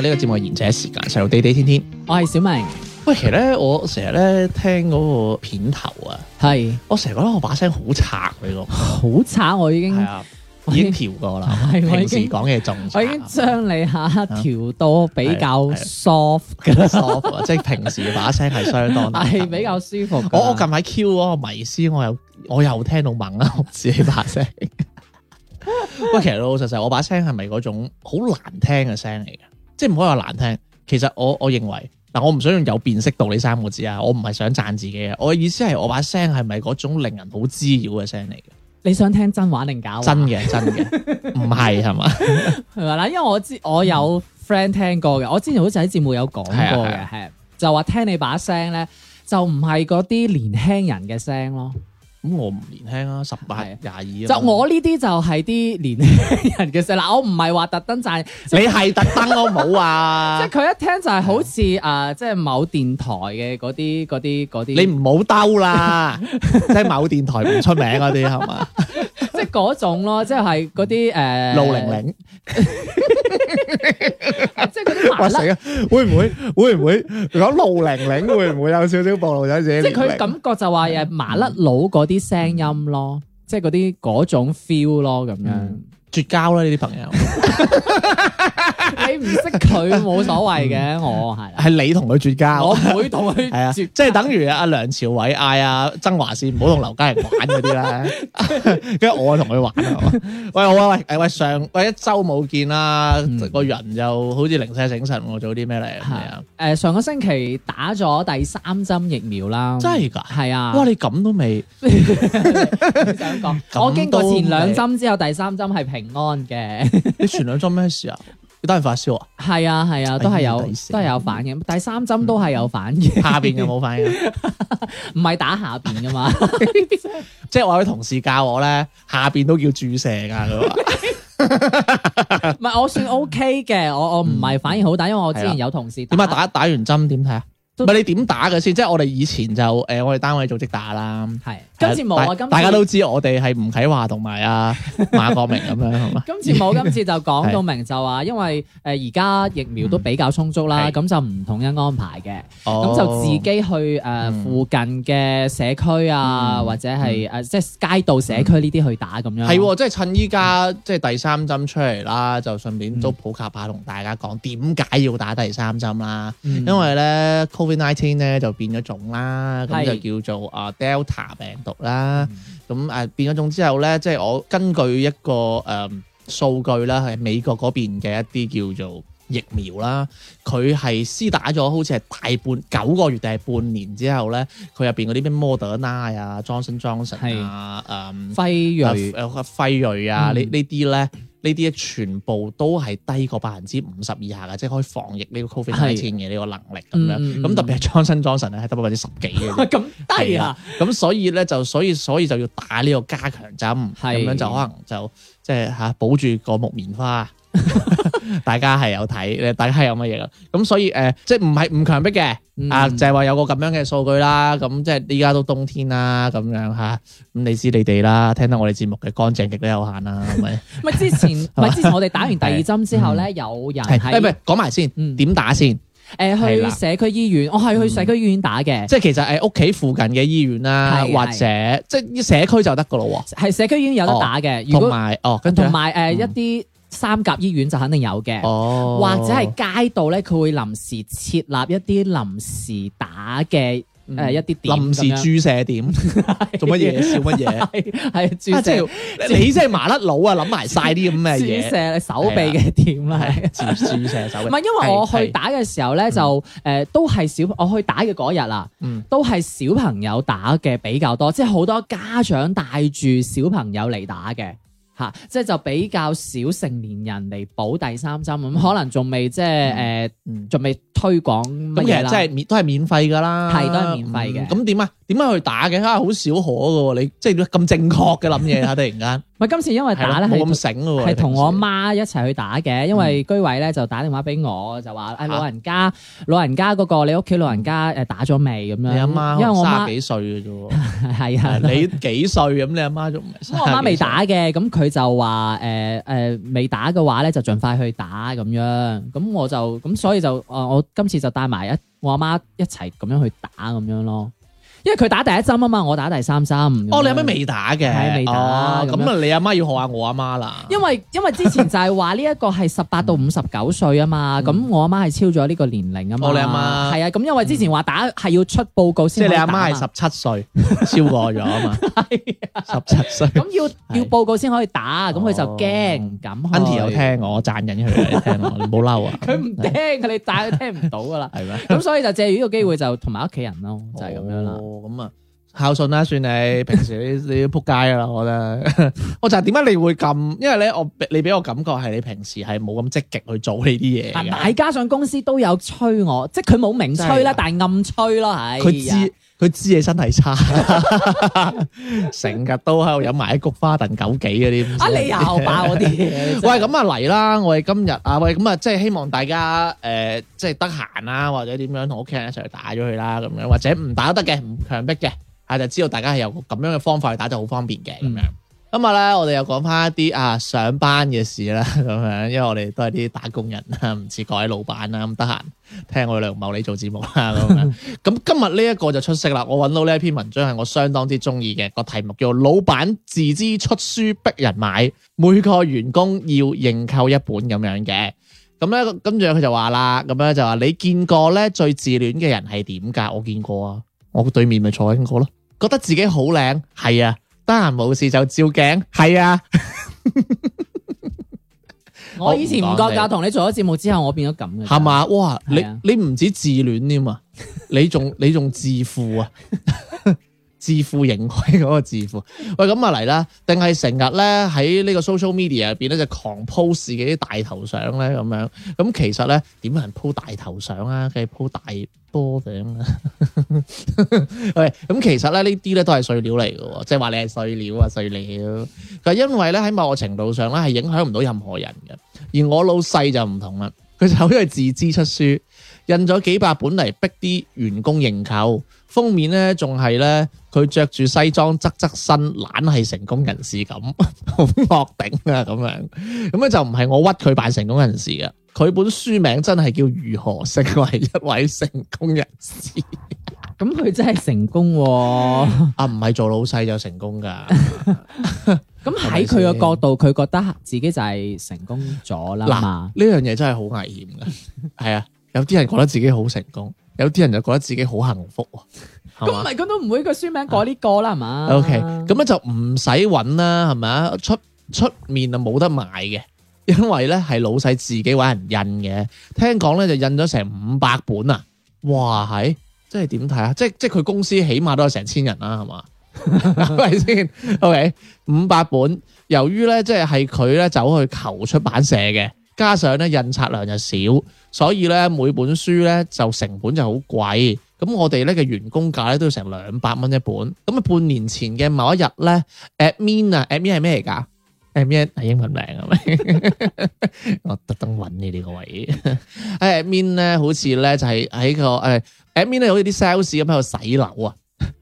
呢個節目嘅賢者時間，細路地地天天，我係小明。喂，其實咧，我成日咧聽嗰個片頭啊，係是我成日覺得我把聲好渣嚟個，好 差，我已經係啊，已經調過啦。係 是平時講嘢，重， 我已經將你下調到比較 soft 嘅，soft 即係平時把聲係相當係、 啊、比較舒服我。我我近排 Q 嗰個迷思，我又我又聽到猛啦，我自己把聲。喂 其實老老實實，我把聲係咪嗰種好難聽嘅聲嚟嘅？即係唔可以話難聽，其實我我認為嗱，但我唔想用有辨識度呢三個字啊，我唔係想讚自己啊，我嘅意思係我把聲係咪嗰種令人好滋擾嘅聲嚟嘅？你想聽真話定假話？真嘅，真嘅，唔係係嘛？係嘛啦？因為我知我有 friend 聽過嘅，我之前好似喺節目有講過嘅，係就話聽你把聲咧，就唔係嗰啲年輕人嘅聲咯。咁、嗯、我唔年輕啊，十八廿二啊，就我呢啲就係啲年輕人嘅事啦。我唔係話特登賺，你係特登都冇啊。即係佢一聽就係好似誒，即係某電台嘅嗰啲啲啲。你唔好兜啦，即係 某電台唔出名嗰啲係嘛，即係嗰種咯，即係嗰啲誒。六、呃、零,零。玲 即係嗰啲麻甩，會唔會，會唔會講露玲玲？會唔會有少少暴露咗自己？即係佢感覺就話誒，麻甩佬嗰啲聲音咯，嗯、即係嗰啲嗰種 feel 咯，咁樣。嗯絕交啦！呢啲朋友，你唔識佢冇所謂嘅，我係係你同佢絕交，我唔會同佢絕交係啊，即係等於阿梁朝偉嗌阿曾華倩唔好同劉嘉玲玩嗰啲啦，跟住我同佢玩。喂喂喂，喂，上喂一周冇見啦，個人又好似零舍醒神，我做啲咩嚟啊？誒，上個星期打咗第三針疫苗啦，真係噶？係啊，哇！你咁都未？想講，我經過前兩針之後，第三針係平。平安嘅，你前兩針咩事啊？你打完發燒啊？係啊係啊，都係有都係有反應，第三針都係有反應。嗯、下邊有冇反應？唔係 打下邊噶嘛？ 即係我有啲同事教我咧，下邊都叫注射噶。佢話唔係， 我算 OK 嘅，我我唔係反應好大。嗯、因為我之前有同事點解打、啊、打、打完針點睇啊？唔係你點打嘅先？即係我哋以前就誒我哋單位組織打啦。係今次冇啊！今大家都知我哋係吳啟華同埋啊馬國明咁樣，係嘛？今次冇，今次就講到明就話，因為誒而家疫苗都比較充足啦，咁就唔統一安排嘅，咁就自己去誒附近嘅社區啊，或者係誒即係街道社區呢啲去打咁樣。係喎，即係趁依家即係第三針出嚟啦，就順便都普及下同大家講點解要打第三針啦。因為咧。nineteen 咧就變咗種啦，咁是就叫做啊 Delta 病毒啦。咁誒、嗯、變咗種之後咧，即、就、係、是、我根據一個誒、呃、數據啦，喺美國嗰邊嘅一啲叫做疫苗啦，佢係施打咗好似係大半九個月定係半年之後咧，佢入邊嗰啲咩 Moderna 啊、Johnson Johnson 啊是、誒、嗯、輝瑞誒、呃呃、輝瑞啊、嗯、呢呢啲咧。呢啲咧全部都係低過百分之五十以下嘅，即係可以防疫呢個 COVID-19 嘅呢個能力咁樣。咁的、嗯、特別係 Johnson Johnson 係得百分之十幾嘅，咁低啊！咁所以咧就所以所以就要打呢個加強針，咁的樣就可能就即係嚇保住個木棉花。大家係有睇，大家係有乜嘢啦？咁所以誒，即係唔係唔強迫嘅，啊，就係話有個咁樣嘅數據啦。咁即係依家都冬天啦，咁樣吓，咁你知你哋啦。聽得我哋節目嘅乾淨極都有限啦，係咪？係之前，係之前我哋打完第二針之後咧，有人係係講埋先，點打先？誒，去社區醫院，我係去社區醫院打嘅。即係其實誒，屋企附近嘅醫院啦，或者即係啲社區就得噶咯。係社區醫院有得打嘅，同埋哦，同埋誒一啲。三甲醫院就肯定有嘅，或者係街道咧，佢會臨時設立一啲臨時打嘅誒一啲臨時注射點，做乜嘢？笑乜嘢？係注射。你即係麻甩佬啊！諗埋晒啲咁嘅嘢。注射手臂嘅點啦，係。注射手臂。唔係因為我去打嘅時候咧，就誒都係小我去打嘅嗰日啦，都係小朋友打嘅比較多，即係好多家長帶住小朋友嚟打嘅。即係就比較少成年人嚟補第三針，咁、嗯、可能仲未即係誒，仲、呃、未推廣乜嘢啦。咁其實即係免都係免費噶啦，係都係免費嘅。咁點啊？點樣，樣去打嘅？啊，好少可噶，你即係咁正確嘅諗嘢啊！突然間。 咪今次因為打咧，係同我阿媽一齊去打嘅，因為居委咧就打電話俾我，就話誒老人家，啊、老人家嗰、那個你屋企老人家誒打咗未咁樣？你阿媽，因為我媽幾歲嘅啫，係 啊， 你幾歲咁？你阿媽仲，我阿媽未打嘅，咁佢就、呃、話誒誒未打嘅話咧就盡快去打咁樣，咁我就咁所以就誒我今次就帶埋一我阿媽一齊咁樣去打咁樣咯。因為佢打第一針啊嘛，我打第三針。哦，你有咩未打嘅？係未打。咁啊，你阿媽要學下我阿媽啦。因為因為之前就係話呢一個係十八到五十九歲啊嘛，咁我阿媽係超咗呢個年齡啊嘛。我你阿媽。係啊，咁因為之前話打係要出報告先，即你阿媽係十七歲，超過咗啊嘛。十七歲。咁要要報告先可以打，咁佢就驚，唔敢去。Annie 有聽我讚緊佢，你聽我，你冇嬲？啊佢唔聽啊，你讚佢聽唔到噶啦，係咪？咁所以就借住呢個機會就同埋屋企人咯，就係咁樣啦。咁啊，孝順啦，算你。平時你你都撲街㗎啦，我覺得。我就係點解你會咁？因為咧，我你俾我感覺係你平時係冇咁積極去做呢啲嘢。啊，加上公司都有催我，即係佢冇明催啦，但係暗催咯，係、哎。佢知你身體差，成日都喺度飲埋啲菊花燉枸杞嗰啲。啊，你又爆嗰啲喂，咁啊嚟啦！我哋今日啊喂，咁啊，即係希望大家誒、呃，即係得閒啦，或者點樣同屋企人一齊打咗佢啦，咁樣或者唔打都得嘅，唔強迫嘅，係就知道大家係有咁樣嘅方法去打就好方便嘅咁樣。嗯。今日咧，我哋又講翻一啲啊上班嘅事啦，咁樣，因為我哋都係啲打工人啦，唔似各位老闆啦，咁得閒聽我梁某你做節目啦，咁樣。咁 今日呢一個就出色啦，我揾到呢一篇文章係我相當之中意嘅，個題目叫《老闆自資出書逼人買》，每個員工要認購一本咁樣嘅。咁咧，跟住佢就話啦，咁咧就話你見過咧最自戀嘅人係點噶？我見過啊，我對面咪坐緊個咯，覺得自己好靚，係啊。得閒冇事就照鏡，係啊！ 我以前唔覺噶，同你，你做咗節目之後，我變咗咁嘅。係嘛？哇！ 你 你唔止自戀添啊，你仲 你仲自負啊！ 自負盈虧嗰個自負，喂，咁啊嚟啦，定係成日咧喺呢個 social media 入邊咧就狂 po 自己啲大頭相咧咁樣，咁其實咧點能 po 大頭相啊？佢 po 大波頂啊！喂，咁其實咧呢啲咧都係碎料嚟嘅喎，即係話你係碎料啊碎料，佢係因為咧喺某個程度上咧係影響唔到任何人嘅，而我老細就唔同啦，佢就好似係自資出書，印咗幾百本嚟逼啲員工認購，封面咧仲係咧。佢着住西裝側側身，懶係成功人士咁，好惡頂啊！咁樣咁咧就唔係我屈佢扮成功人士㗎！佢本書名真係叫《如何成為一位成功人士》。咁佢真係成功啊！唔 係、啊、做老細就成功噶。咁喺佢嘅角度，佢覺得自己就係成功咗啦嗱，呢樣嘢真係好危險噶。係 啊，有啲人覺得自己好成功，有啲人就覺得自己好幸福。 咁咪咁都唔會個書名改呢個啦，係嘛？O K，咁樣就唔使搵啦，係咪啊？吧 okay, 出出面就冇得賣嘅，因為咧係老細自己搵人印嘅。聽講咧就印咗成五百本啊！哇，係，即係點睇啊？即係即係佢公司起碼都有成千人啦，係嘛？係咪先？O K，五百本，由於咧即係係佢咧走去求出版社嘅，加上咧印刷量就少，所以咧每本書咧就成本就好貴。咁我哋咧嘅員工價咧都要成兩百蚊一本，咁啊半年前嘅某一日咧，Admin 啊，Admin 係咩嚟㗎？Admin 係英文名啊？咩？ 我特登揾你呢個位，誒，Admin 咧好似咧就係喺個誒，Admin 咧好似啲 sales 咁喺度洗樓啊，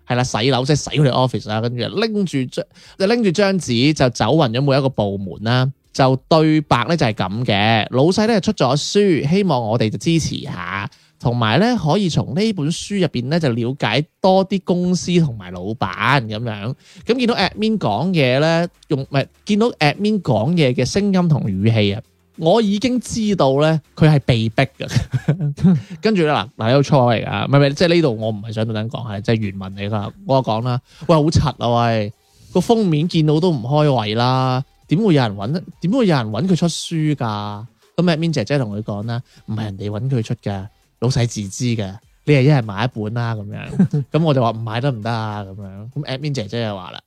係 啦，洗樓即係洗佢哋 office 啊。跟住拎住張，就拎住張紙就走勻咗每一個部門啦，就對白咧就係咁嘅，老細咧出咗書，希望我哋就支持下。同埋咧，可以從呢本書入邊咧就了解多啲公司同埋老闆咁樣。咁見到 admin 講嘢咧，用唔係見到 admin 講嘢嘅聲音同語氣啊，我已經知道咧佢係被逼㗎。 跟住咧嗱嗱有錯嚟㗎，唔係唔係即係呢度我唔係想度緊講係即係原文嚟㗎。我講啦，喂好柒啊喂，個封面見到都唔開胃啦，點會有人揾？點會有人揾佢出書㗎？咁 admin 姐姐同佢講啦，唔係人哋揾佢出㗎。嗯老細自知嘅，你又一係買一本啦、啊、咁樣，咁我就話唔買得唔得啊咁樣，咁 admin 姐姐又話啦，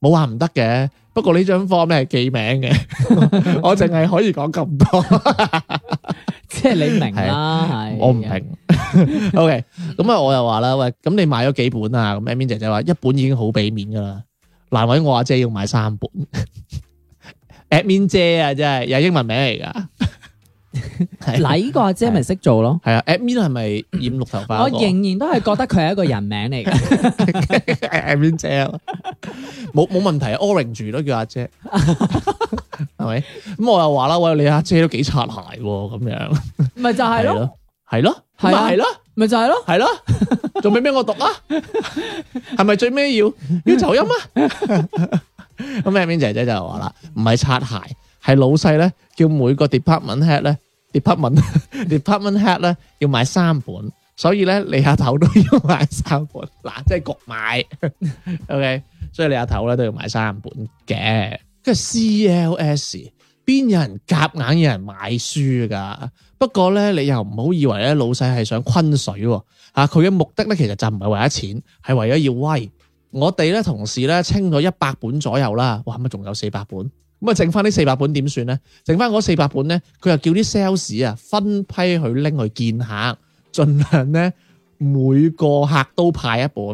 冇話唔得嘅，不過呢張科咩係記名嘅， 我淨係可以講咁多， 即係你明啊，是的我唔不明。 OK，咁啊，我又話啦，喂，咁你買咗幾本啊？咁 admin 姐姐話一本已經好俾面噶啦，難為我阿姐要買三本。 admin 姐啊，真係有英文名嚟噶。禮 個阿姐咪識做咯，係啊，Admin 係咪染綠頭髮、啊？ 我仍然都係覺得佢係一個人名嚟嘅，Admin 姐冇冇問題，Orange 都叫阿姐，係咪？ 咁我又話啦，喂，你阿姐都幾擦鞋咁樣，咪 就係咯，係咯、啊，係咯、啊，咪、啊啊、就係咯、啊，係咯、啊，仲畀畀我讀啊？係咪 最尾要要走音啊？咁 Admin 姐,姐姐就話啦，唔係擦鞋。係老細咧，叫每個 department head 咧，department department head 咧要買三本，所以咧你阿頭都要買三本，嗱 即係焗買，ok，所以你阿頭咧都要買三本嘅。跟住 CLS 邊有人夾硬，硬有人買書噶？不過咧你又唔好以為咧老細係想坤水，吓佢嘅目的咧其實就唔係為咗錢，係為咗要威。我哋咧同事咧清咗一百本左右啦，哇，咁咪仲有四百本。咁啊，剩翻呢四百本點算咧？剩翻嗰四百本呢，佢又叫啲 sales 啊，分批去拎去見客，盡量呢，每個客都派一本。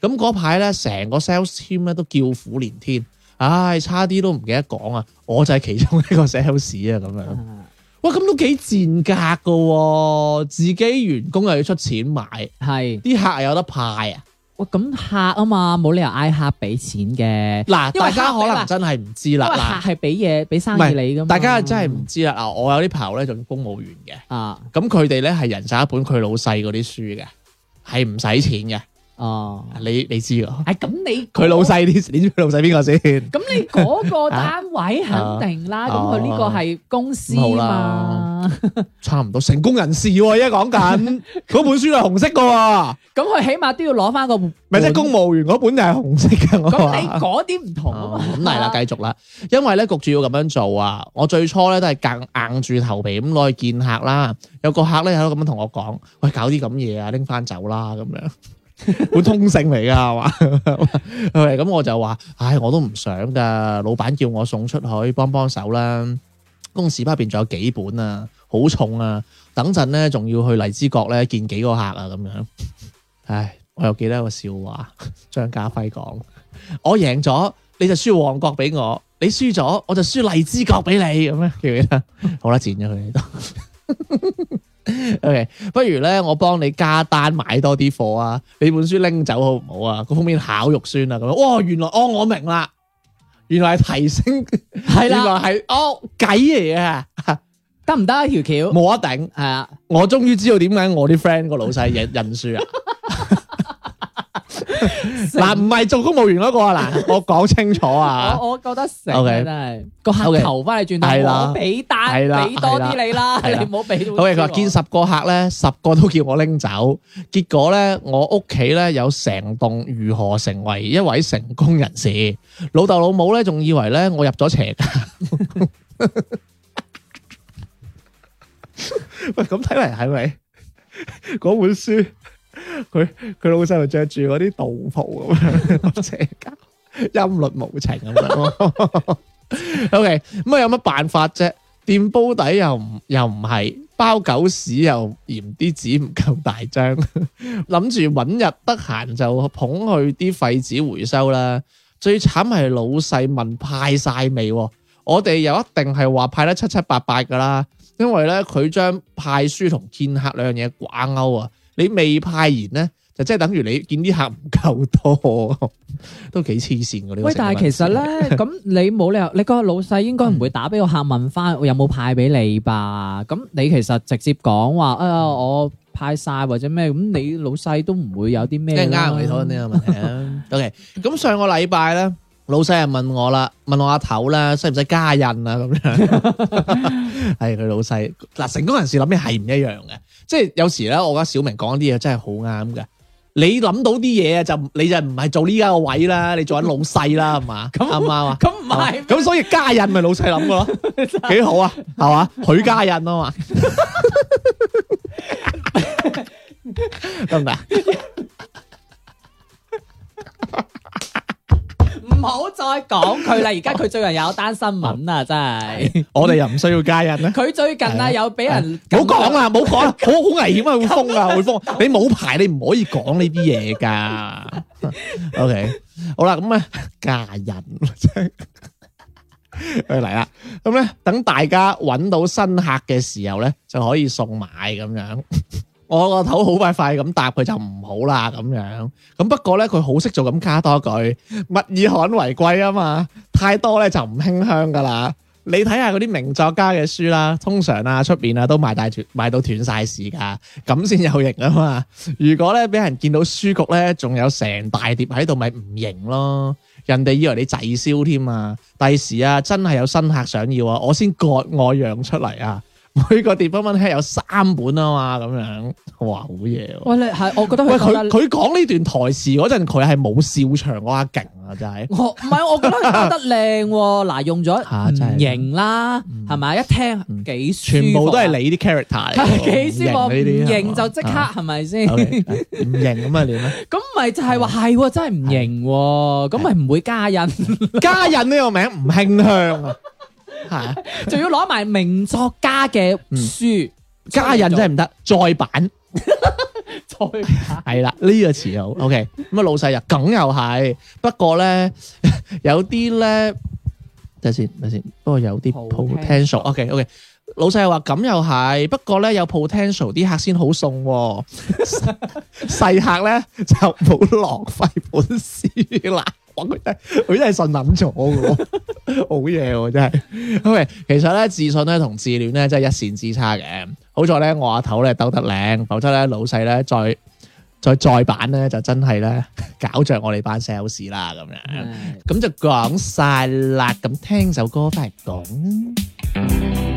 咁嗰排呢，成個 sales team 咧都叫苦連天，唉，差啲都唔記得講啊！我就係其中一個 sales 啊，咁樣。哇，咁都幾賤格噶，自己員工又要出錢買，係是，啲客有得派啊！喂，咁客啊嘛，冇理由嗌客俾錢嘅。嗱，大家可能真係唔知啦。客係俾嘢俾生意你噶嘛？大家真係唔知啦。啊，我有啲朋友咧，做公務員嘅。啊，咁佢哋咧係人手一本佢老細嗰啲書嘅，係唔使錢嘅。哦，你你知咯？係咁，你佢老細啲，你知佢、啊那個、老細邊個先？咁你嗰、啊、個單位肯定啦，咁佢呢個係公司嘛？哦、差唔多成功人士喎、啊，而家講緊嗰本書係紅色噶、啊。咁佢起碼都要攞翻個，咪即公務員嗰本就係紅色噶。咁你嗰啲唔同啊嘛。咁嚟啦，繼續啦，因為咧焗住要咁樣做啊。我最初咧都係夾硬住頭皮咁攞去見客啦。有個客咧喺度咁樣同我講：喂，搞啲咁嘢啊，拎翻走啦咁樣。.好通性嚟噶係嘛，係咪咁我就話，唉，我都唔想噶，老闆叫我送出去幫幫手啦。公司邊邊仲有幾本啊，好重啊，等陣咧仲要去荔枝角咧見幾個客啊，咁樣。唉，我又記得一個笑話，張家輝講：我贏咗你就輸旺角俾我，你輸咗我就輸荔枝角俾你，咁樣記唔記得？好啦，剪咗佢。Okay, 不如咧，我幫你加單買多啲貨啊！俾本書拎走好唔好啊？嗰方面考肉酸啊！咁，哇、哦，原來哦，我明啦，原來係提升，係啦的，原來係哦，計嚟啊，得唔得啊？條橋冇得頂，係啊！我終於知道點解我啲 friend 個老細認認輸啊！ 嗱，唔係做公務員嗰個啊嗱，我講清楚啊！我我覺得成真係個客求翻你轉頭，我俾單俾多啲你啦，你唔好俾。佢話見十個客咧，十個都叫我拎走，結果咧，我屋企咧有成棟如何成為一位成功人士，老豆老母咧仲以為咧我入咗邪。喂，咁睇嚟係咪嗰本書？佢佢老細就着住嗰啲道袍咁樣，邪教音律無情咁樣。OK，咁啊有乜辦法啫？掂煲底又唔又唔係包狗屎又嫌啲紙唔夠大張，諗住搵日得閒就捧去啲廢紙回收啦。最慘係老細問派晒未，我哋又一定係話派得七七八八噶啦，因為咧佢將派書同見客兩樣嘢掛鈎啊。你未派完咧，就即係等於你見啲客唔夠多，都幾黐線嘅呢啲。喂，但係其實咧，咁你冇理由，你個老細應該唔會打俾個客問翻有冇派俾你吧？咁你其實直接講話誒，我派晒或者咩咁，你老細都唔會有啲咩。即係啱你講呢個問題。O K，咁上個禮拜咧，老細就問我啦，問我阿頭啦，使唔使加印啊咁樣？係佢老細嗱，成功人士諗嘢係唔一樣嘅。即係有時咧，我覺得小明講啲嘢真係好啱嘅。你諗到啲嘢就你就唔係做呢家個位啦，你做緊老細啦，係嘛 但？啱啱啊？咁唔係，咁 所以家印咪老細諗咯，幾好啊，係嘛？許家印啊嘛？得唔得？唔好再講佢啦，而家佢最近有一單新聞啊，真係 我哋又唔需要加人啦。佢 最近啊，有俾人唔好講啦，唔好講，好危險啊， 啊，會封啊，會封。你冇牌，你唔可以講呢啲嘢噶。 OK，好啦，咁啊，加人，佢嚟啦。咁咧，等大家揾到新客嘅時候咧，就可以送買咁樣。 我個頭快好快快咁答佢就唔好啦咁樣，咁不過呢，佢好識做咁加多句，物以罕為貴啊嘛，太多呢就唔馨香噶啦。你睇下嗰啲名作家嘅書啦，通常啊出邊啊都賣大賣到斷晒市噶，咁先有型啊嘛。如果呢，俾人見到書局呢，仲有成大碟喺度，咪唔型咯。人哋以為你滯銷添啊。第時啊真係有新客想要啊，我先割我讓出嚟啊。每個 department 係有三本啊嘛，咁樣哇，好嘢！我咧係，我覺得佢佢講呢段台詞嗰陣，佢係冇笑場，我係勁啊，真係！我唔係，我覺得佢講得靚喎，嗱，用咗唔認啦，係咪？一聽幾舒服，全部都係你啲 character 嚟，幾舒服，唔型就即刻係咪先？唔型咁啊，點咧？咁咪就係話係真係唔型喎，咁咪唔會加印？加印呢個名唔慶香？啊！係，仲 要攞埋名作家嘅書，加、嗯、印真係唔得， 再版，再係啦呢個詞友，OK，咁啊老細又梗又係，不過咧有啲咧，等下先，等下先、 okay, okay，不過有啲 potential，OK，OK，老細又話咁又係，不過咧有 potential 啲客先好送、啊，細 客咧就冇浪費本書啦。 佢真係佢 真係信諗咗嘅，好嘢喎，真係。因為其實咧自信咧同自戀咧真係一線之差嘅。好在咧我阿頭咧兜得靚，否則咧老細咧再再再版咧就真係咧搞着我哋班 sales 啦咁樣。咁 就講晒啦，咁聽首歌返嚟講。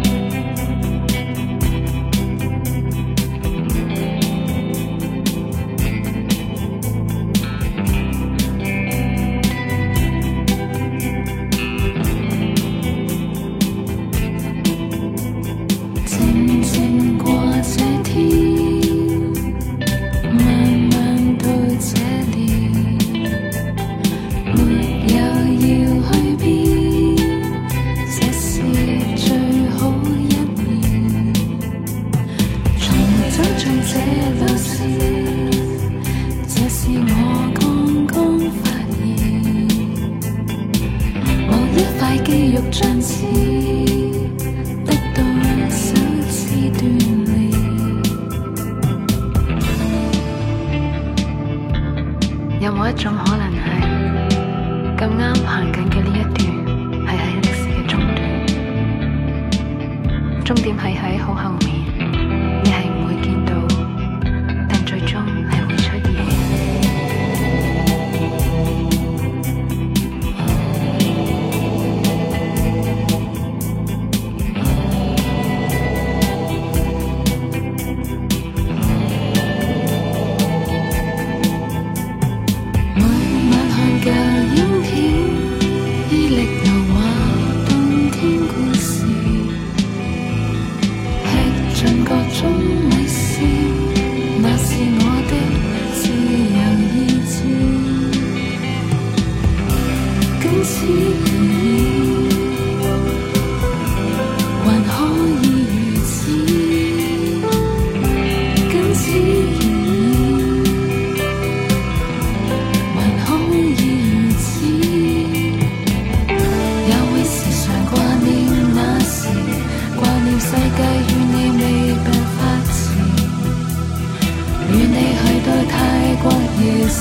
去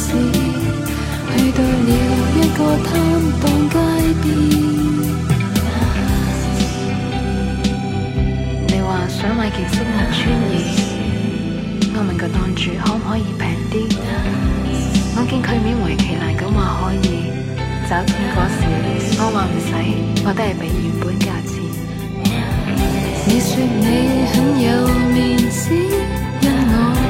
到了一個攤檔街邊你話想買件西物穿，我問個檔主可唔可以平啲？我見佢勉為其難咁話可以走，走嗰時我話唔使，我都係俾原本價錢。你說你很有面子，因我。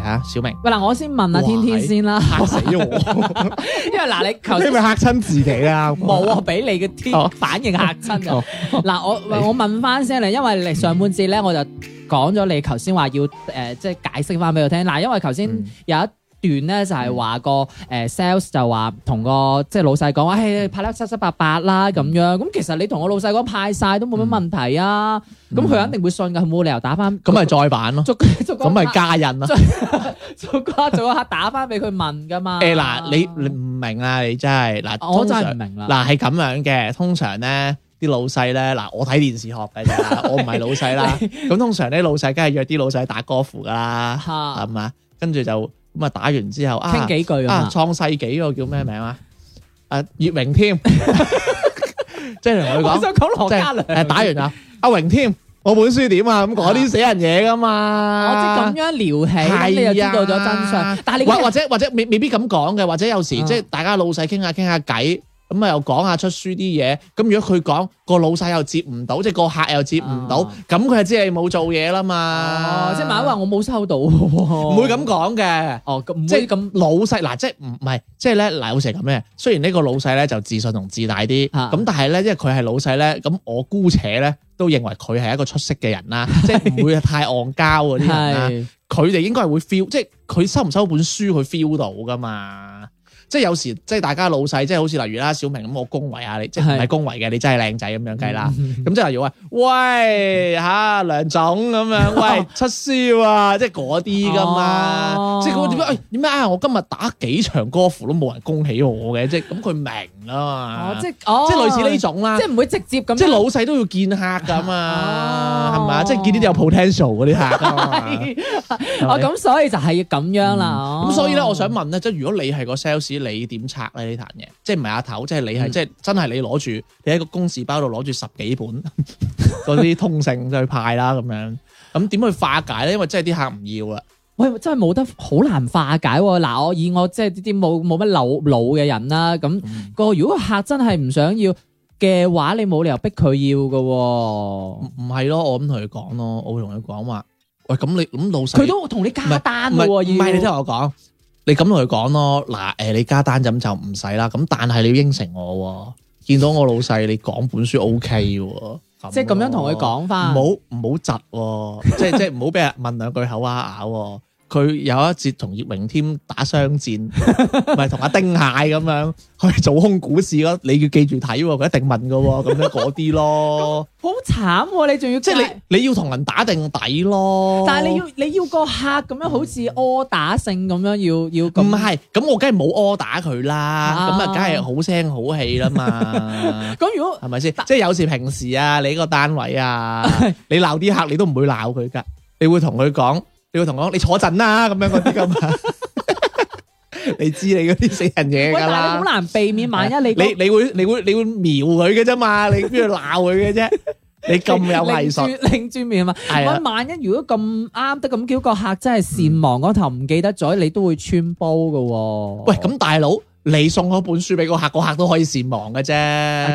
吓、嗯，小明。嗱，我先問下天天先啦，嚇死我！ 因為嗱， 你頭先咪嚇親自己啦。冇，俾你嘅天反應嚇親啊！嗱，我我問翻聲你，因為你上半節咧，我就講咗你頭先話要誒，即、呃、係、就是、解釋翻俾我聽。嗱，因為頭先有一、嗯。段咧就係、是、話個誒、呃、sales 就話同個即係老細講，誒、欸、拍得七七八八啦咁樣。咁其實你同我老細講派晒都冇乜問題啊。咁佢、嗯、肯定會信噶，佢冇理由打翻。咁咪、嗯、再版咯。咁咪加印咯。做瓜做一下哈哈一客打翻俾佢問噶嘛。誒嗱、欸，你你唔明啊？你真係嗱，我真係唔明啦。嗱係咁樣嘅，通常咧啲老細咧嗱，我睇電視學嘅咋，我唔係老細 啦。咁通常咧老細，梗係約啲老細打歌符噶啦，係嘛？ 跟住就。咁啊！打完之後啊，傾幾句啊，創世紀嗰個叫咩名啊？阿葉榮添，即係同佢講，想講羅嘉良。誒，打完啊！阿榮添，我本書點啊？咁講啲死人嘢噶嘛？我知係咁樣撩起，你又知道咗真相。但係你或或者或者未未必咁講嘅，或者有時即係大家老細傾下傾下偈。咁啊，又講下出書啲嘢。咁如果佢講個老細又接唔到，即係個客又接唔到，咁佢、啊、就知你冇做嘢啦嘛。啊、即係問一問我冇收到，唔會咁講嘅。哦，即係咁老細嗱，即係唔係即係咧嗱，好成係咁嘅。雖然呢個老細咧就自信同自大啲，咁、啊、但係咧，因為佢係老細咧，咁我姑且咧都認為佢係一個出色嘅人啦，即係唔會太傲交嗰啲人啦。佢哋應該係會 feel，即係佢收唔收，收本書，佢 feel 到噶嘛。即係有時，即係大家老細，即係好似例如啦，小明咁，我恭維下你，即係唔係恭維嘅，你真係靚仔咁樣計啦。咁即係例如話，喂吓梁總咁樣，喂出銷啊，即係嗰啲噶嘛。即係佢點解？點解我今日打幾場 golf 都冇人恭喜我嘅？即係咁佢明啊嘛。哦，即係哦，即係類似呢種啦。即係唔會直接咁。即係老細都要見客噶嘛，係咪？即係見呢啲有 potential 嗰啲客啊嘛。哦，咁所以就係要咁樣啦。咁所以咧，我想問咧，即係如果你係個 sales。你點拆咧呢壇嘢？即係唔係阿頭？即係你係即係真係你攞住你喺個公事包度攞住十幾本嗰啲 通勝去派啦咁樣。咁點去化解咧？因為即係啲客唔要啊。喂，真係冇得好難化解。嗱，我以我即係啲冇冇乜腦腦嘅人啦。咁個如果客真係唔想要嘅話，你冇理由逼佢要嘅。唔係咯，我咁同佢講咯，我會同佢講話喂，咁你咁老實佢都同你加單喎、啊。唔係你聽我講。你咁同佢講咯，嗱，你加單咁就唔使啦。咁但係你要應承我，見到我老細，你講本書 O K 嘅，即係咁樣同佢講返。唔好唔好窒，即係即係唔好俾人問兩句口啊咬。佢有一節同葉榮添打雙戰，咪同阿丁蟹咁樣去做空股市咯。你要記住睇，佢一定問嘅咁樣嗰啲咯。 好慘，啊，你仲要即係你你要同人打定底咯。但係你要你要個客咁樣好似柯打 d e 性咁樣要要。唔係，咁我梗係冇柯打佢啦。咁啊，梗係好聲好氣啦嘛。咁如果係咪先？即係有時平時啊，你個單位啊，你鬧啲客，你都唔會鬧佢㗎，你會同佢講。你會同我講，你坐陣啦，咁樣嗰啲咁啊！ 你知你嗰啲死人嘢噶啦，好難避免。萬一你、那個、 你你會你會，你會，你，會你會瞄佢嘅啫嘛， 你邊度鬧佢嘅啫？你咁有藝術，擰轉面啊嘛！了萬一如果咁啱得咁，叫個客真係善忘嗰頭唔記得咗，嗯、你都會穿煲噶、哦。喂，咁大佬，你送嗰本書俾個客，個客都可以善忘嘅啫。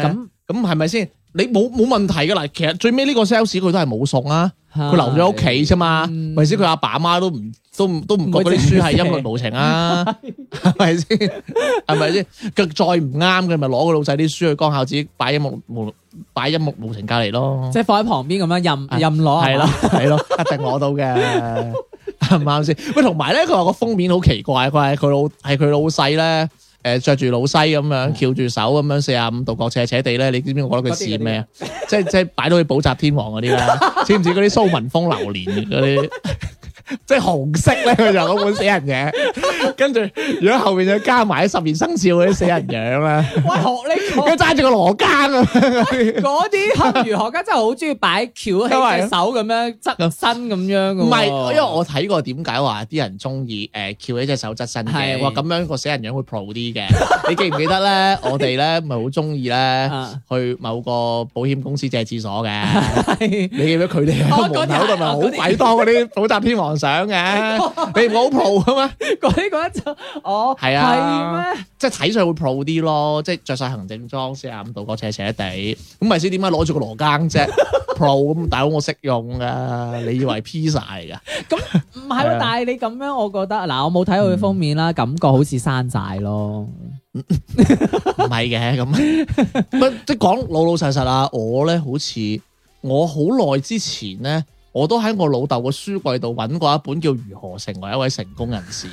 咁咁係咪先？ 你冇冇問題噶啦？其實最尾呢個 sales 佢都係冇送啊，佢留咗屋企啫嘛，係咪先？佢阿爸阿媽都唔都唔都唔覺嗰啲書係音樂無情啊，係咪先？係咪先？佢再唔啱嘅，咪攞個老細啲書去江孝子擺音樂無擺音樂無情隔離咯，即係放喺旁邊咁樣任、啊、任攞係咯係咯，一定攞到嘅，啱唔啱先？喂，同埋咧，佢話個封面好奇怪，佢係佢老係佢老細咧。誒、呃、著住老西咁樣，翹住手咁樣，四十五度角斜斜地咧，你知唔知我覺得佢似咩啊？ 即即擺到去補習天王嗰啲咧，似唔似嗰啲蘇文峰流年啲？ 即係紅色咧，佢就嗰本死人嘢， 跟住如果後邊再加埋十二生肖嗰啲死人樣咧，學呢，佢揸住個羅庚啊！嗰啲漢儒學家真係好中意擺翹起隻手咁樣側是身咁樣唔係，因為我睇過點解話啲人中意誒翹起隻手側身嘅，話咁是樣個死人樣會 pro 啲嘅。 你記唔記得咧？我哋咧咪好中意咧去某個保險公司借廁所嘅？是你記唔記得佢哋喺個門口度咪好鬼多嗰啲補習天王？ 想嘅，你唔好 pro 噶嘛？啲呢個就我係啊，即係睇上去會 pro 啲咯，即係着晒行政裝行，先啊。咁度角斜斜地，咁咪先點解攞住個羅庚啫？pro 咁大佬我識用噶，你以為 P 晒噶？咁唔係，但係你咁樣，我覺得嗱， 嗯、我冇睇佢封面啦，感覺好似山寨咯，唔係嘅咁，即係講老老實實啦，我咧好似我好耐之前咧。我都喺我老豆個書櫃度揾過一本叫《如何成為一位成功人士》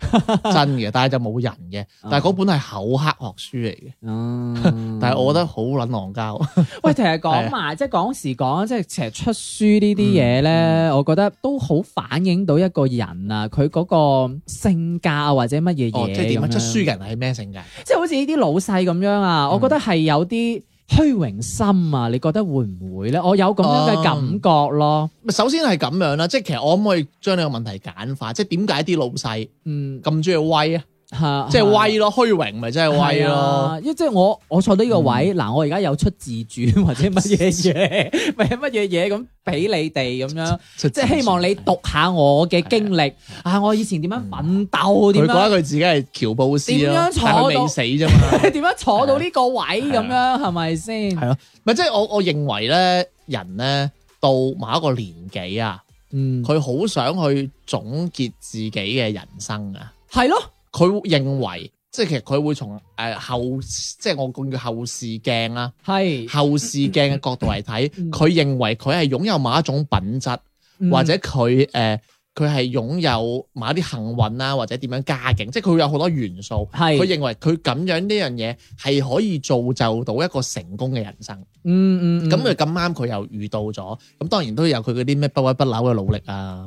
真嘅，但係就冇人嘅。但係嗰本係厚黑學書嚟嘅。哦、嗯， 但係我覺得好捻狼膠。 喂，其實講埋，即係講時講，即係其實出書呢啲嘢咧，嗯嗯、我覺得都好反映到一個人啊，佢嗰個性格啊或者乜嘢嘢。即係點啊？出書嘅人係咩性格？即係好似呢啲老細咁樣啊，嗯、我覺得係有啲。虛榮心啊，你覺得會唔會呢？我有咁樣嘅感覺咯。嗯，首先係咁樣啦，即係其實我可唔可以將呢個問題簡化？即係點解啲老細嗯咁鍾意威啊？係，即係威咯，虛榮咪真係威咯。因即係我我坐到呢個位，嗱，我而家有出自主或者乜嘢嘢，咪乜嘢嘢咁俾你哋咁樣，即係希望你讀下我嘅經歷啊！我以前點樣奮鬥，點樣佢覺得佢自己係喬布斯咯，但係未死啫嘛。點樣坐到呢個位咁樣，係咪先？係咯，咪即係我我認為咧，人咧到某一個年紀啊，嗯，佢好想去總結自己嘅人生啊，係咯。佢認為，即係其實佢會從誒、呃、後，即係我講叫後視鏡啦、啊，係是後視鏡嘅角度嚟睇，佢、嗯、認為佢係擁有某一種品質，嗯、或者佢誒。呃佢係擁有某啲幸運啊，或者點樣家境，即係佢有好多元素。佢的認為佢咁樣呢樣嘢係可以造就到一個成功嘅人生。嗯，嗯嗯，咁佢咁啱佢又遇到咗，咁當然都有佢嗰啲咩不屈不撓嘅努力啊，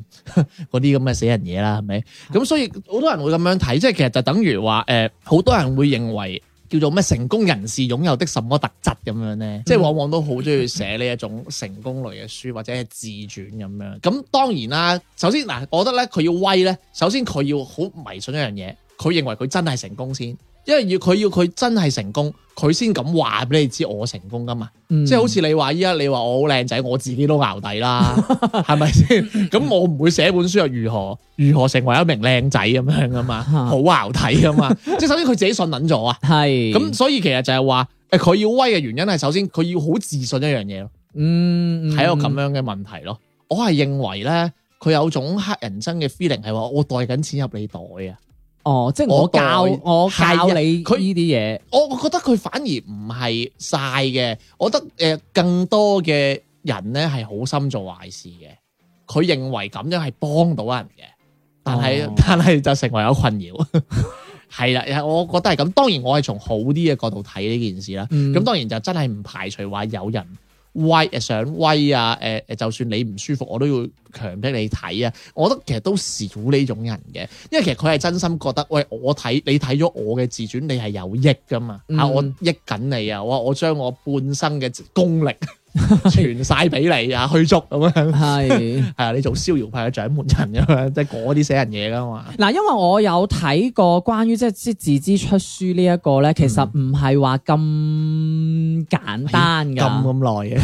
嗰啲咁嘅死人嘢啦，係咪？咁的所以好多人會咁樣睇，即係其實就等於話誒，好多人會認為。叫做咩成功人士擁有的什麼特質咁樣呢？嗯、即係往往都好鍾意寫呢一種成功類嘅書或者係自傳咁樣。咁當然啦，首先嗱，我覺得咧佢要威呢，首先佢要好迷信一樣嘢，佢認為佢真係成功先。因為佢要佢要佢真係成功，佢先敢話俾你知我成功噶嘛，嗯、即係好似你話依家你話我好靚仔，我自己都淆底啦，係咪先？咁 我唔會寫本書又如何如何成為一名靚仔咁樣噶嘛，好淆底噶嘛， 即係首先佢自己信捻咗啊，係咁是，所以其實就係話誒，佢要威嘅原因係首先佢要好自信一樣嘢咯，嗯，係一個咁樣嘅問題咯。嗯、我係認為咧，佢有種黑人憎嘅 feeling 係話我袋緊錢入你袋啊。哦，即係我教我，對我教你佢呢啲嘢，我我覺得佢反而唔係晒嘅，我覺得誒更多嘅人咧係好心做壞事嘅，佢認為咁樣係幫到人嘅，但係但係就成為咗困擾，係啦，我覺得係咁、呃哦。 當然我係從好啲嘅角度睇呢件事啦，咁、嗯、當然就真係唔排除話有人。威誒想威啊，誒誒、呃、就算你唔舒服，我都要強迫你睇啊！我覺得其實都少呢種人嘅，因為其實佢係真心覺得，喂，我睇你睇咗我嘅自傳，你係有益㗎嘛嚇，嗯、我益緊你啊！我我將我半生嘅功力，傳晒俾你啊，虛竹。咁樣係係啊， 你做逍遙派嘅掌門人咁樣，即係嗰啲寫人嘢噶嘛？嗱，因為我有睇過關於即係即係自資出書呢一個咧，其實唔係話咁簡單噶，咁咁耐嘅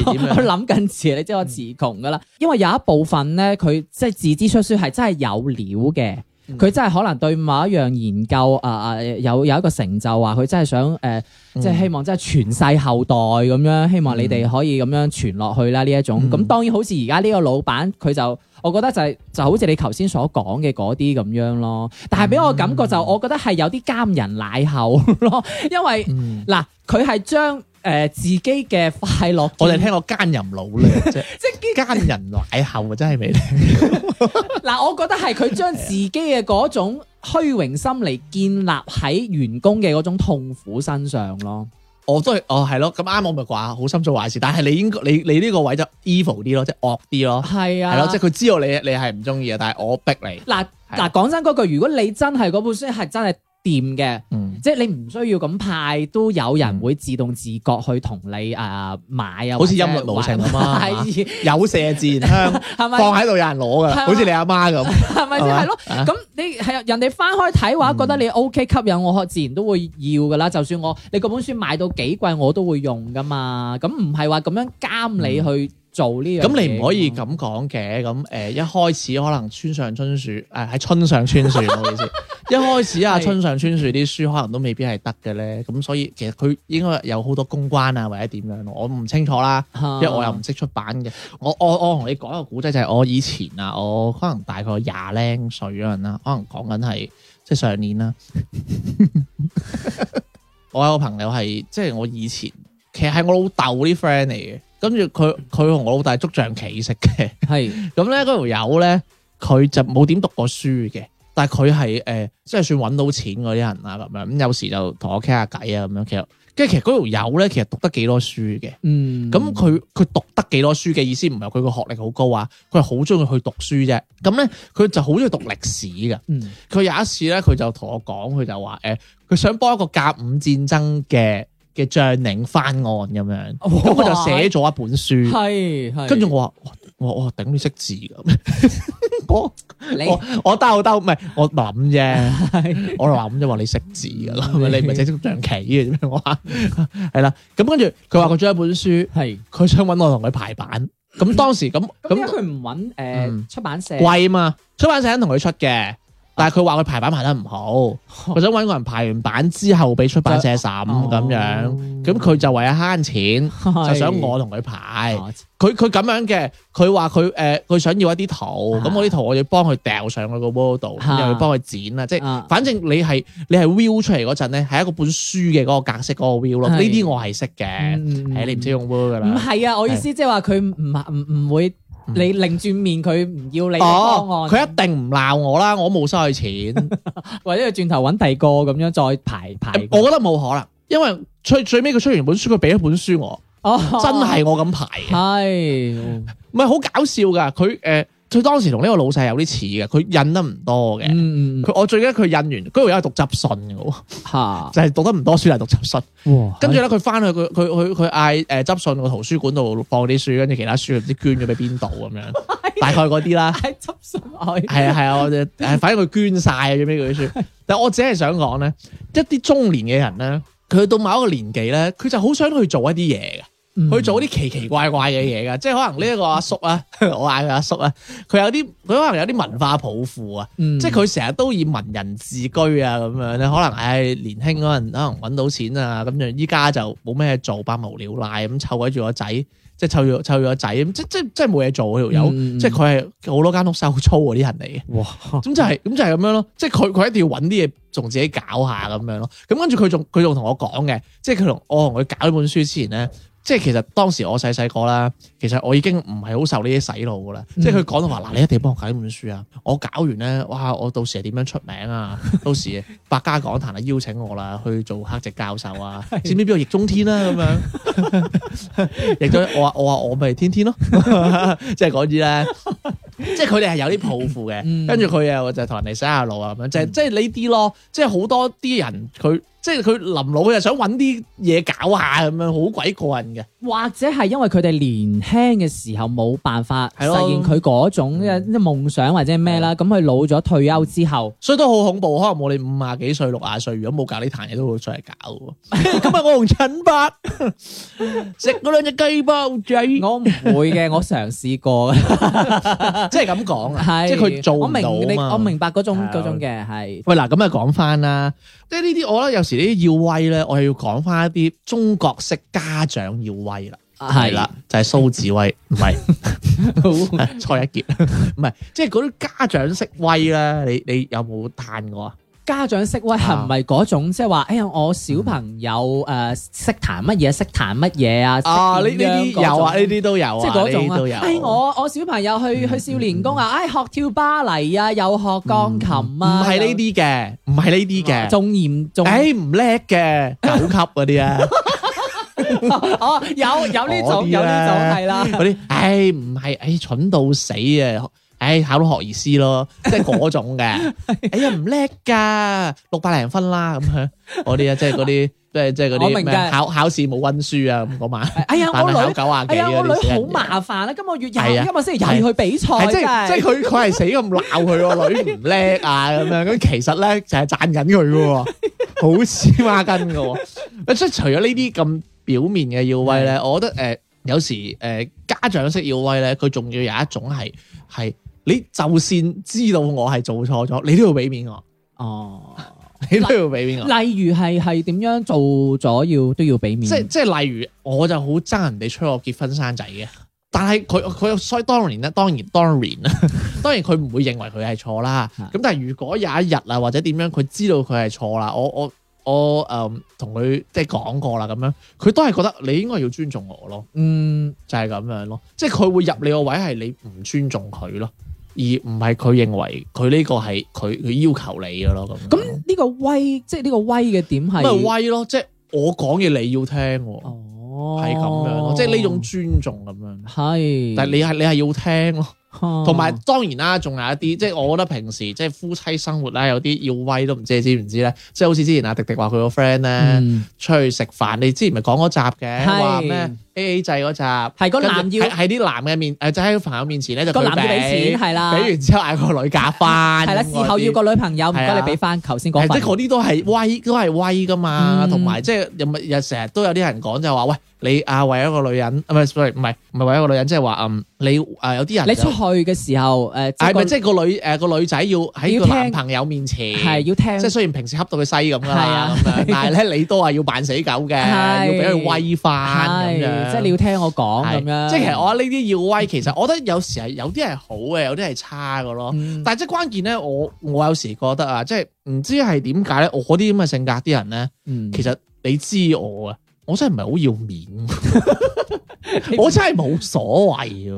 係點樣諗緊詞？你知我詞窮噶啦， 因為有一部分咧，佢即係自資出書係真係有料嘅。佢真係可能對某一樣研究啊啊、呃、有有一個成就，話佢真係想誒、呃嗯、即係希望真係傳世後代，咁樣希望你哋可以咁樣傳落去啦，呢一種咁、嗯、當然好似而家呢個老闆佢就我覺得就係、是、就好似你頭先所講嘅嗰啲咁樣咯，但係俾我感覺就、嗯、我覺得係有啲監人奶後咯，因為嗱佢係將。誒、呃，自己嘅快樂，我哋聽過奸淫擄掠啫，即係、 就是、奸人壞後啊，真係未聽過。嗱， 我覺得係佢將自己嘅嗰種虛榮心嚟建立喺員工嘅嗰種痛苦身上咯。我都係，哦係咯，咁啱我咪話，好心做壞事，但係你應該你你呢個位就 evil 啲咯，即係惡啲咯。係啊，係咯，即係佢知道你你係唔中意啊，但係我逼你。嗱嗱喏，講、啊、真嗰句，如果你真係嗰本書係真係。掂嘅，即係你唔需要咁派，都有人會自動自覺去同你誒買啊，好似音樂老程啊嘛，有射箭係咪放喺度有人攞噶，好似你阿媽咁，係咪先係咯？咁你係人哋翻開睇話覺得你 OK 吸引我，自然都會要噶啦。就算我你嗰本書賣到幾貴，我都會用噶嘛。咁唔係話咁樣監你去。做呢咁你唔可以咁講嘅咁誒，一開始可能村上春、呃、春上春樹誒，喺春上春樹唔好意思，一開始啊 是春上春樹啲書可能都未必係得嘅咧，咁所以其實佢應該有好多公關啊或者點樣我唔清楚啦，啊、因為我又唔識出版嘅。我我我同你講個古仔就係、是、我以前啊，我可能大概廿零歲嗰陣啦，可能講緊係即係上年啦。 我有個朋友係即係我以前，其實係我老豆啲 friend 嚟嘅。跟住佢佢同我老大捉象棋食嘅，係咁咧，嗰條友咧佢、嗯那個，就冇點讀過書嘅，但係佢係誒，即係算揾到錢嗰啲人啦咁樣，咁有時就同我傾下偈啊咁樣。其實跟住其實嗰條友咧，其實讀得幾多書嘅，嗯，咁佢佢讀得幾多書嘅意思，唔係佢個學歷好高啊，佢係好中意去讀書啫。咁咧佢就好中意讀歷史噶，佢、嗯、有一次咧，佢就同我講，佢就話誒，佢、呃、想幫一個甲午戰爭嘅嘅將領翻案咁樣，咁我就寫咗一本書，係，跟住我話，我我頂你識字咁，我我我得我唔係我諗啫，我就話咁就話你識字噶啦，你唔係只識象棋嘅咩？我話係啦，咁跟住佢話佢將一本書，係，佢想揾我同佢排版，咁當時咁咁佢唔揾誒出版社貴啊嘛，出版社肯同佢出嘅。但係佢話佢排版排得唔好，佢想揾個人排完版之後俾出版社審咁樣，咁佢就為咗慳錢，就想我同佢排。佢佢咁樣嘅，佢話佢誒，佢想要一啲圖，咁我啲圖我要幫佢掉上去個 Word，咁又要幫佢剪啦，即係反正你係你係 w i e l 出嚟嗰陣咧，係一個本書嘅個格式嗰個 w i e l 咯。呢啲我係識嘅，誒你唔知用 Word 噶啦。唔係啊，我意思即係話佢唔唔唔會。嗯、你擰轉面，佢唔要你方案，佢、哦、一定唔鬧我啦。我冇收佢錢， 或者佢轉頭揾第二個咁樣再排、嗯、排的。我覺得冇可能，因為最最尾佢出完本書，佢俾一本書我，哦、真係我咁排嘅，係唔係好搞笑噶？佢誒。呃佢當時同呢個老細有啲似嘅，佢印得唔多嘅。佢、嗯、我最記得佢印完，佢而家讀執信嘅喎， 就係、是、讀得唔多書嚟讀執信。跟住咧，佢翻去佢佢佢佢嗌誒執信個圖書館度放啲書，跟住其他書唔知捐咗俾邊度咁樣， 大概嗰啲啦。係執信，係啊係啊，誒，反正佢捐晒咗俾佢啲書。 但係我只係想講咧，一啲中年嘅人咧，佢到某一個年紀咧，佢就好想去做一啲嘢嘅。去做啲奇奇怪怪嘅嘢噶，即係可能呢一個阿叔啊， 我嗌佢阿叔啊，佢有啲佢可能有啲文化抱負啊，嗯、即係佢成日都以文人自居啊咁樣咧。可能唉、哎，年輕嗰陣可能搵到錢啊，咁就依家就冇咩做，百無聊賴咁湊鬼住個仔，即係湊住湊住個仔，即即係即係冇嘢做嗰度有，即係佢係好多間屋收租嗰啲人嚟嘅。哇！咁就係咁就係咁樣咯，即係佢佢一定要搵啲嘢，仲自己搞下咁樣咯。咁跟住佢仲佢仲同我講嘅，即係佢同我同佢搞呢本書之前咧。即係其實當時我細細個啦，其實我已經唔係好受呢啲洗腦㗎啦。即係佢講到話嗱，你一定要幫我搞呢本書啊！我搞完咧，哇！我到時點樣出名啊？到時百家講壇啊，邀請我啦，去做客席教授啊？ 知唔知邊個易中天啦、啊？咁樣 易咗，我話我話我咪天天咯、啊， 即係嗰啲咧。即係佢哋係有啲抱負嘅，跟住佢啊就同人哋洗下腦啊咁樣，就即係呢啲咯。即係好多啲人佢。即係佢臨老，又想揾啲嘢搞下咁樣，好鬼過癮嘅。或者係因為佢哋年輕嘅時候冇辦法實現佢嗰種嘅夢想或者係咩啦，咁佢老咗退休之後，所以都好恐怖。可能我哋五廿幾歲六廿歲，如果冇教你彈嘢，都再搞。今日我同陳伯食嗰兩隻雞包仔，我唔會嘅，我嘗試過，即係咁講，即係佢做唔到我明啊！我明白嗰種種嘅係。喂嗱，咁啊講翻啦，即係呢啲我覺得。啲要威咧，我又要講翻一啲中國式家長要威啦，係啦的，就係、是、蘇志威，唔係 不是 蔡一傑，唔係，即係嗰啲家長式威咧，你你有冇嘆過啊？家長識威，係唔係嗰種，即係話，哎呀，我小朋友誒識彈乜嘢，識彈乜嘢啊？啊，呢呢啲有啊，呢啲都有，啊。即係嗰種啊。誒，我我小朋友去去少年宮啊，誒學跳芭蕾啊，又學鋼琴啊。唔係呢啲嘅，唔係呢啲嘅，仲嚴重。誒唔叻嘅九級嗰啲啊。哦，有有呢種，有呢種係啦。嗰啲誒唔係，誒蠢到死啊！誒，考到學而思咯，即係嗰種嘅。 的哎呀，唔叻噶，六百零分啦咁樣，嗰啲啊，即係嗰啲，即係即係嗰啲考考試冇溫書啊咁嗰晚。哎呀，我女九廿幾啊。哎呀，我女好麻煩啦，啊，今個月又的今日星期日去比賽，即係即係佢佢係死咁鬧佢個女唔叻啊咁樣。咁其實咧就係讚緊佢嘅，好似孖筋嘅。即係除咗呢啲咁表面嘅要威咧，嗯、我覺得誒、呃、有時誒、呃、家長式要威咧，佢仲要有一種係係。你就算知道我係做錯咗，你都要俾面我。哦，你都要俾面我。例如係係點樣做咗，要都要俾面即。即係即係，例如我就好憎人哋催我結婚生仔嘅。但係佢佢所以當然啦，當然當然啦。當然，佢唔會認為佢係錯啦。咁 但係如果有一日啊，或者點樣，佢知道佢係錯啦，我我我誒，同佢即係講過啦，咁樣佢都係覺得你應該要尊重我咯。嗯，就係、是、咁樣咯。即係佢會入你個位，係你唔尊重佢咯。而唔係佢認為佢呢個係佢佢要求你嘅咯咁。咁呢個威即係呢個威嘅點係咩威咯？即係我講嘢你要聽，哦，係咁樣咯，即係呢種尊重咁樣。係，但係你係你係要聽咯。同埋當然啦，仲有一啲，即係我覺得平時即係夫妻生活啦，有啲要威都唔知你知唔知咧，即係好似之前阿迪迪話佢個 friend 咧出去食飯，你之前咪講嗰集嘅，話咩 A A 制嗰集，係個男要喺啲男嘅面，誒即係喺朋友面前咧就個男要俾錢，係啦，俾完之後嗌個女嫁翻，係啦 事後要個女朋友唔該你俾翻，頭先講，即嗰啲都係威，都係威噶嘛，同埋、嗯、即係又咪又成日都有啲人講就話喂。你啊，為一個女人，唔係 sorry，唔係唔係為一個女人，即係話嗯，你誒有啲人你出去嘅時候誒，係咪即係個女誒個女仔要喺個男朋友面前係要聽，即係雖然平時恰到佢西咁啦，係啊，但係咧你都係要扮死狗嘅，要俾佢威翻即係你要聽我講咁樣。即係其實我呢啲要威，其實我覺得有時係有啲係好嘅，有啲係差嘅咯。但係即係關鍵咧，我我有時覺得啊，即係唔知係點解咧，我啲咁嘅性格啲人咧，其實你知我啊。我真係唔係好要面， 我真係冇所謂。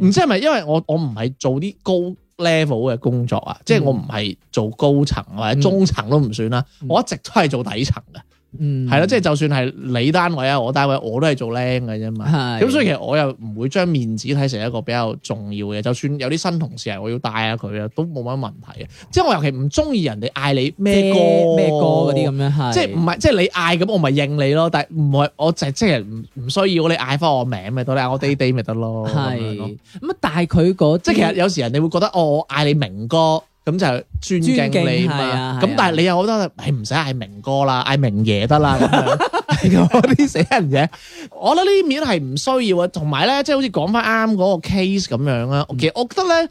唔 知係咪因為我我唔係做啲高 level 嘅工作啊？即係、嗯、我唔係做高層或者中層都唔算啦。嗯、我一直都係做底層嘅。嗯，係咯，即、就、係、是、就算係你單位啊，我單位我都係做靚嘅啫嘛。係是，咁所以其實我又唔會將面子睇成一個比較重要嘅。就算有啲新同事係我要帶下佢啊，都冇乜問題嘅。即、就、係、是、我尤其唔中意人哋嗌你咩歌咩歌嗰啲咁樣即是即，即係唔係即係你嗌咁，我咪認你咯。但係唔係我就即係唔唔需要你嗌翻我名咪得，你嗌我 Day Day 咪得咯。係是，咁啊，但係佢嗰即係其實有時人哋會覺得、嗯、哦，我嗌你明哥。咁就尊敬你嘛？咁但係你有好多係唔使嗌明哥啦，嗌明爺得啦。啲死人嘢，我覺得呢啲面係唔需要啊。同埋咧，即係好似講翻啱嗰個 case 咁樣啦。其實我覺得咧，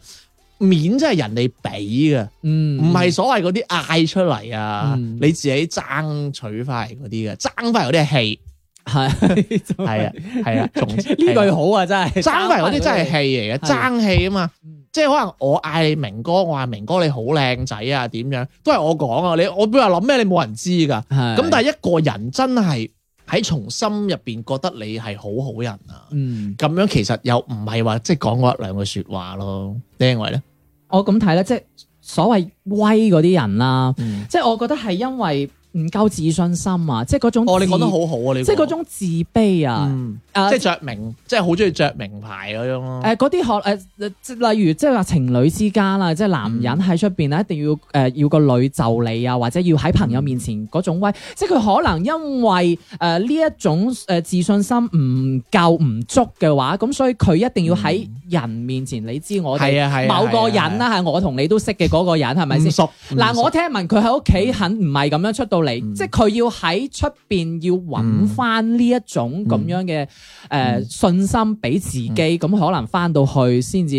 面真係人哋俾噶，嗯，唔係所謂嗰啲嗌出嚟啊，你自己爭取翻嚟嗰啲嘅，爭翻嚟嗰啲係氣，係係啊係啊。呢句好啊，真係爭翻嚟嗰啲真係氣嚟嘅，爭氣啊嘛。即係可能我嗌你明哥，我話明哥你好靚仔啊，點樣都係我講啊，你我比如話諗咩，你冇人知噶。咁是但係一個人真係喺從心入邊覺得你係好好人啊，咁、嗯、樣其實又唔係話即係講嗰一兩句說話咯，你認為咧？我咁睇咧，即係所謂威嗰啲人啦，嗯、即係我覺得係因為。唔夠自信心啊！即係嗰種哦，你講得好好啊！你即係嗰種自卑啊！即係着名，即係好中意着名牌嗰種咯。誒嗰啲學誒誒，例如即係話情侶之間啊，即係男人喺出邊一定要誒要個女就你啊，或者要喺朋友面前嗰種威。即係佢可能因為誒呢一種誒自信心唔夠唔足嘅話，咁所以佢一定要喺人面前。你知我係啊係某個人啦，係我同你都識嘅嗰個人，係咪先？唔熟。嗱，我聽聞佢喺屋企肯唔係咁樣出到。即係佢要喺出邊要搵翻呢一種咁樣嘅誒、嗯呃、信心俾自己，咁、嗯、可能翻到去先至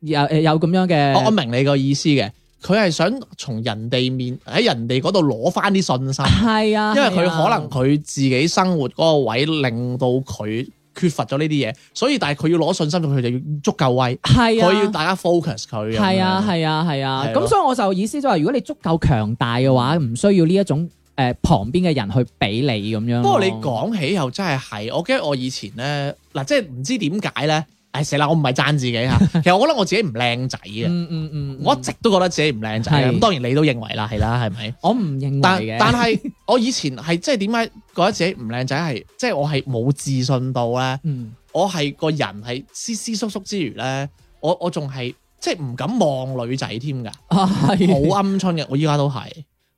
有誒、嗯、有咁樣嘅。我我明你個意思嘅，佢係想從人哋面喺人哋嗰度攞翻啲信心。係啊，因為佢可能佢自己生活嗰個位令到佢。缺乏咗呢啲嘢，所以但係佢要攞信心，佢就要足夠威，係佢、啊、要大家 focus 佢。係啊，係啊，係啊，咁所以我就意思就係、話，如果你足夠強大嘅話，唔需要呢一種誒、呃、旁邊嘅人去俾你咁樣。不過你講起又真係係，我記得我以前咧，嗱、啊，即係唔知點解咧。誒，死啦、哎！我唔係讚自己吓，其實我覺得我自己唔靚仔嘅。嗯嗯嗯，我一直都覺得自己唔靚仔。係是，咁當然你都認為啦，係啦，係咪？我唔認為。但係我以前係即係點解覺得自己唔靚仔？係即係我係冇自信到咧、 嗯。我係個人係思思縮縮之餘咧，我我仲係即係唔敢望女仔添噶。啊，係，好鵪鶉嘅，我依家都係。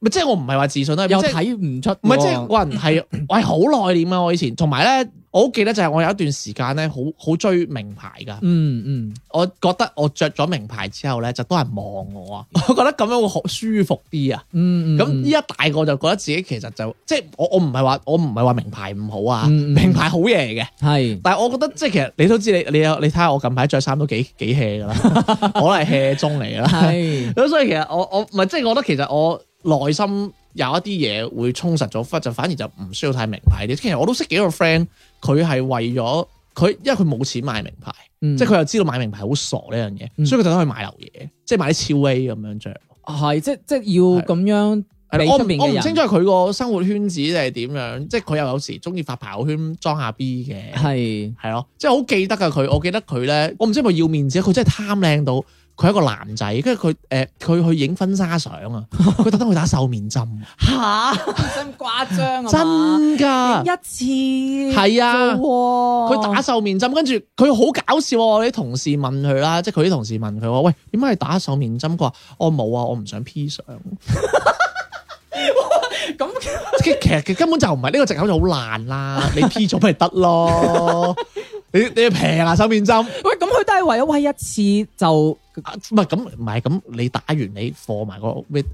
咪即係我唔係話自信咯，又睇唔出。唔係即係我係我係好內斂啊！我以前同埋咧，我好記得就係我有一段時間咧，好好追名牌噶、嗯。嗯嗯，我覺得我着咗名牌之後咧，就多人望我啊！我覺得咁樣會好舒服啲啊。嗯嗯，咁依家大個就覺得自己其實就即係我我唔係話我唔係話名牌唔好啊，嗯、名牌好嘢嘅。係是，但係我覺得即係其實你都知你你你睇下我近排着衫都幾幾 hea 噶啦， 我係 hea 中嚟啦。係 咁 是， 所以其實我我唔係即係我覺得其實我。內心有一啲嘢會充實咗，忽就反而就唔需要太名牌啲，其實我都識幾個 friend，佢係為咗佢，因為佢冇錢買名牌，嗯、即係佢又知道買名牌好傻呢樣嘢，嗯、所以佢就走去買牛嘢，即係買啲超 A 咁樣着。係、嗯，即係即係要咁樣。是我唔清楚佢個生活圈子係點樣？即係佢又有時中意發朋友圈裝下 B 嘅。係係咯，的即係好記得噶佢。我記得佢咧，我唔知係咪要面子，佢真係貪靚到佢係一個男仔，跟住佢誒，佢去影婚紗相啊，佢特登去打瘦面針，吓 蛤真誇張的啊！真噶，一次係啊，佢打瘦面針，跟住佢好搞笑。我啲同事問佢啦，即係佢啲同事問佢話：喂，點解係打瘦面針？佢話：我、哦、冇啊，我唔想 P 相。咁 其實其實根本就唔係呢個借口就好爛啦，你 P 咗咪得咯？你你要平啊瘦面針？喂咁。為咗威一次就唔係咁，唔係咁，你打完你放埋個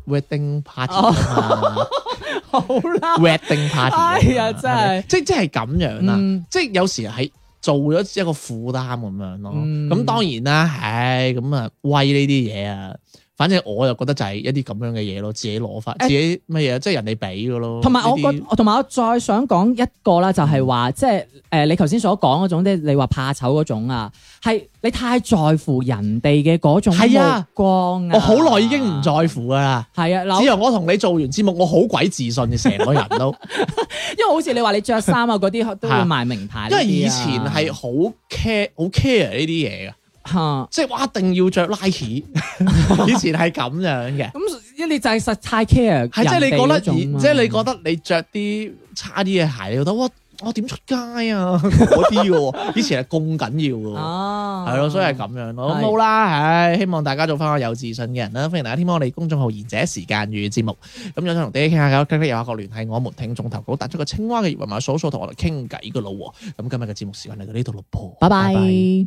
wedding party、哦、啊， 好啦吧，wedding party，係啊，真係，即係即係咁樣啦，即係有時係做咗一個負擔咁樣咯，咁當然啦，唉，咁啊威呢啲嘢啊。反正我又覺得就係一啲咁樣嘅嘢咯，自己攞翻，自己乜嘢，欸、即係人哋俾嘅咯。同埋我，些我覺，同埋我再想講一個啦，就係話，即係誒，你頭先所講嗰種，即係，你話怕醜嗰種啊，係你太在乎人哋嘅嗰種目光啊。啊我好耐已經唔在乎噶啦。係啊，只要我同你做完節目，我好鬼自信成個人都。 因為好似你話你着衫啊嗰啲， 都要賣名牌。因為以前係好 care，好 care 呢啲嘢嘅。 即係我一定要着 Nike， 以前係咁樣嘅。咁一 你就係實太 care，係 即係你覺得，即係你覺得你着啲差啲嘅鞋，你覺得我我點出街啊？嗰啲嘅，以前係咁緊要嘅，係咯、啊， 所以係咁樣咯。冇啦的，係希望大家做翻個有自信嘅人啦。歡迎大家聽我哋公眾號賢者時間語節目。咁有想同爹哋傾下偈，記得右下角聯繫我們聽眾投稿，打出個青蛙嘅二維碼掃一掃，同我哋傾偈嘅咯。咁今日嘅節目時間嚟到呢度咯。拜拜。